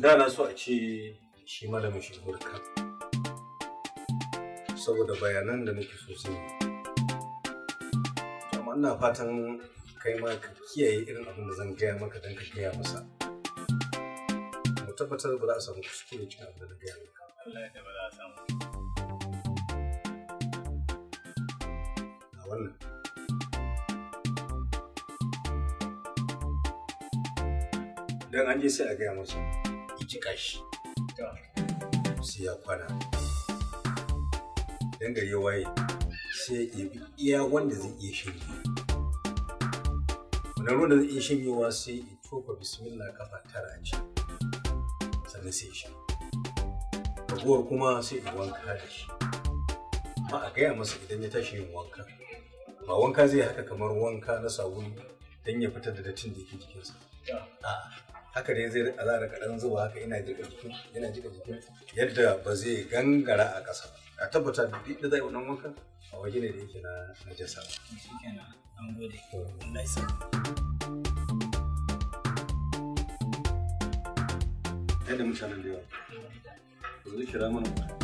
da na so a ce shi malamin shi hurka saboda bayanan da nake so zai yi amma ina fatan kai ma ka kiyaye irin abin da zan gaya maka don ka gaya masa mu tabbatar ba za a samu kuskure cikin abin da gaya maka a wannan don an je sai a gaya masa ki jika shi sai ya kwana dan gari ya waye sai ya ɗebi iya wanda zai iya shirya Wani ruwan da zai iya wa sai ya tofa bismillah kafa tara a ci sannan sai ya sha ragowar kuma sai ya wanka da shi amma a gaya masa idan ya tashi yin wanka ba wanka zai haka kamar wanka na sabulu don ya fitar da dattin da ke jikinsa a'a haka dai zai rika zara kaɗan zuwa haka yana jika jikin yana jika jikin yadda ba zai gangara a ƙasa ba a tabbata da duk da zai wannan wankan a waje ne da yake na najasa ba shikenan an gode Allah ya yadda mutanen da yawa yanzu kira mana mutane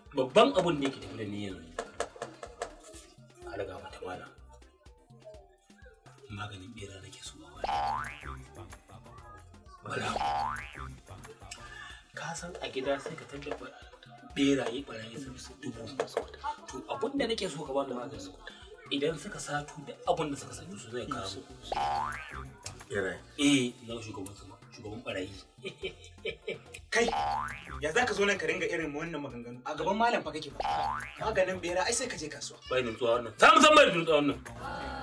babban abun ne ke tafi da ni yanzu a daga mata mana maganin bera nake so a wala ka san a gida sai ka yi bara yi sun su dubu su kwata to abun da nake so ka bani maganin su kwata idan suka sato da abun da suka sanya su zai kawo beraye eh na shugaban su ba. shugaban barayi. Kai, ya za ka zo nan ka ringa irin wannan maganganu a gaban malam fa kake ba. Maganin bera ai sai ka je kasuwa. Bai nutsuwa wannan Za mu san bai nutsuwa wannan.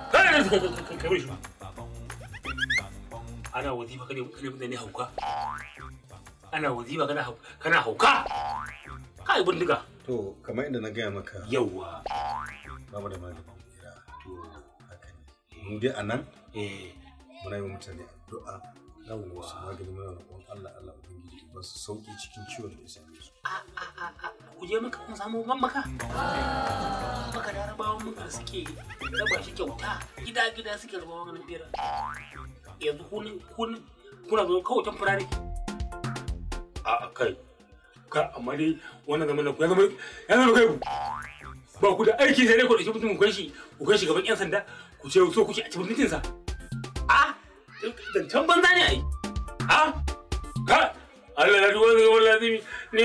Kai ne kai kai shi. Ana wazifa kane kane ne hauka. Ana wazifa kana hauka. Kana hauka. Kai bindiga. To, kamar inda na gaya maka. Yawwa. Babu da malam To, haka ne. Mu dai a nan. Eh. Muna yi mutane addu'a yawwa su magani muna roƙon Allah Allah ubangiji ba su sauki cikin ciwon da ya same su a a a a ku je maka kun samu ban maka maka da rabawan muka suke raba shi kyauta gida gida suke rabawan nan biyar yanzu kun kun kuna zo kawai temporary a kai ka amma dai wannan zaman da ku ya zama ya zama kai ba ku da aiki sai dai ku da shi mutum ku kai shi ku kai shi gaban yan sanda ku ce so kuke a cikin mutuncinsa. sa zancen banza ne a yi ka Allah na duwar ne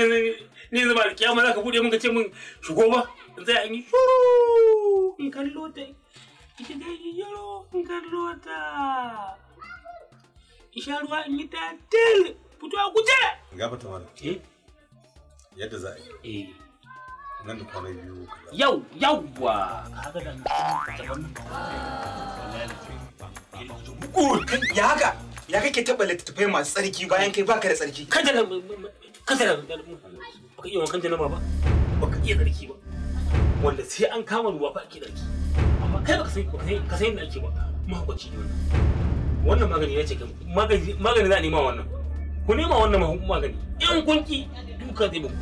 da za ka buɗe mun ka ce mun shigo ba zai an yi shuru in kallo ta ita yi yaro in kallo ta isha ruwa in yi ta fito a guje gaba ta mara eh? yadda za a yi eh. nan da biyu yau da mutum wani ya haka ya kake taɓa littattafai masu tsarki bayan kai baka da tsarki kada na kada na baka iya wankan janaba ba baka iya tsarki ba wanda sai an kama ruwa fa ake tsarki amma kai baka sai ka sai ake ba mahaukaci ne wannan wannan magani ya ce magani magani za a nema wannan ku nema wannan magani in kun ki duka zai muku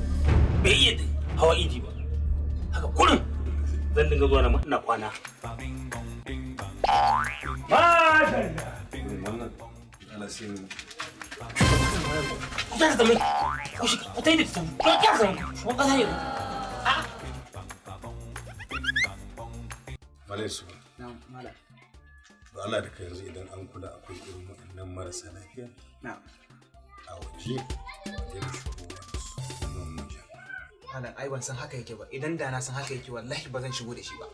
bai iya hawa idi ba haka kurin zan dinga zuwa na kwana Kutar da mai, ku shiga, ta su. Ba Allah da kai yanzu idan an kula akwai irin waɗannan marasa lafiya. A waje, ya da shigo malam ai ban san haka yake ba idan da na san haka yake wallahi ba zan shigo da shi ba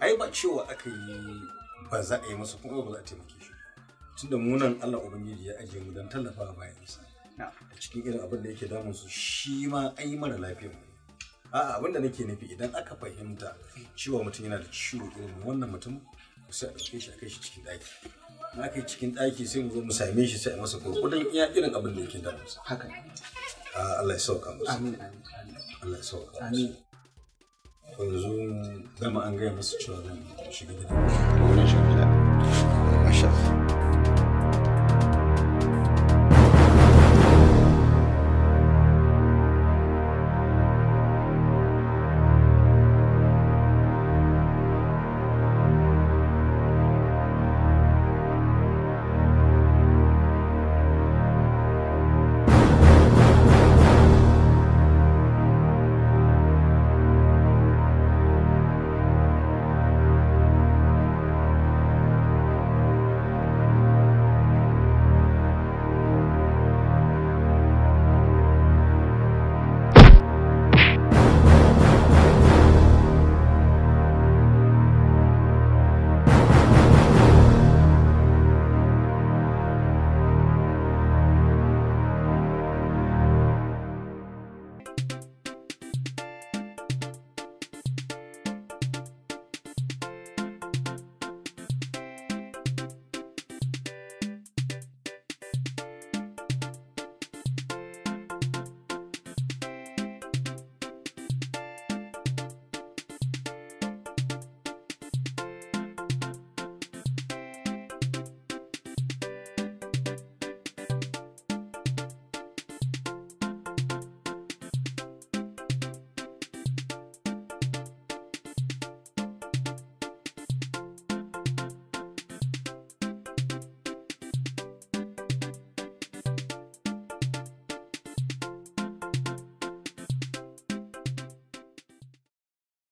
ai ba cewa aka yi ba za a yi masa kuma ba za a taimake shi tunda munan Allah ubangiji ya ajiye mu don tallafa isa a cikin irin abin da yake damun su shi ma ai mara lafiya mu a'a abin da nake nufi idan aka fahimta cewa mutum yana da ciwo irin wannan mutum sai a ɗauke shi a kai shi cikin ɗaki na kai cikin ɗaki sai mu zo mu same shi sai a masa gurgudan iya irin abin da yake damun su haka Allah ya sauka musu amin Allah ya sauka musu yanzu dama an gaya musu cewa nan shiga da Wani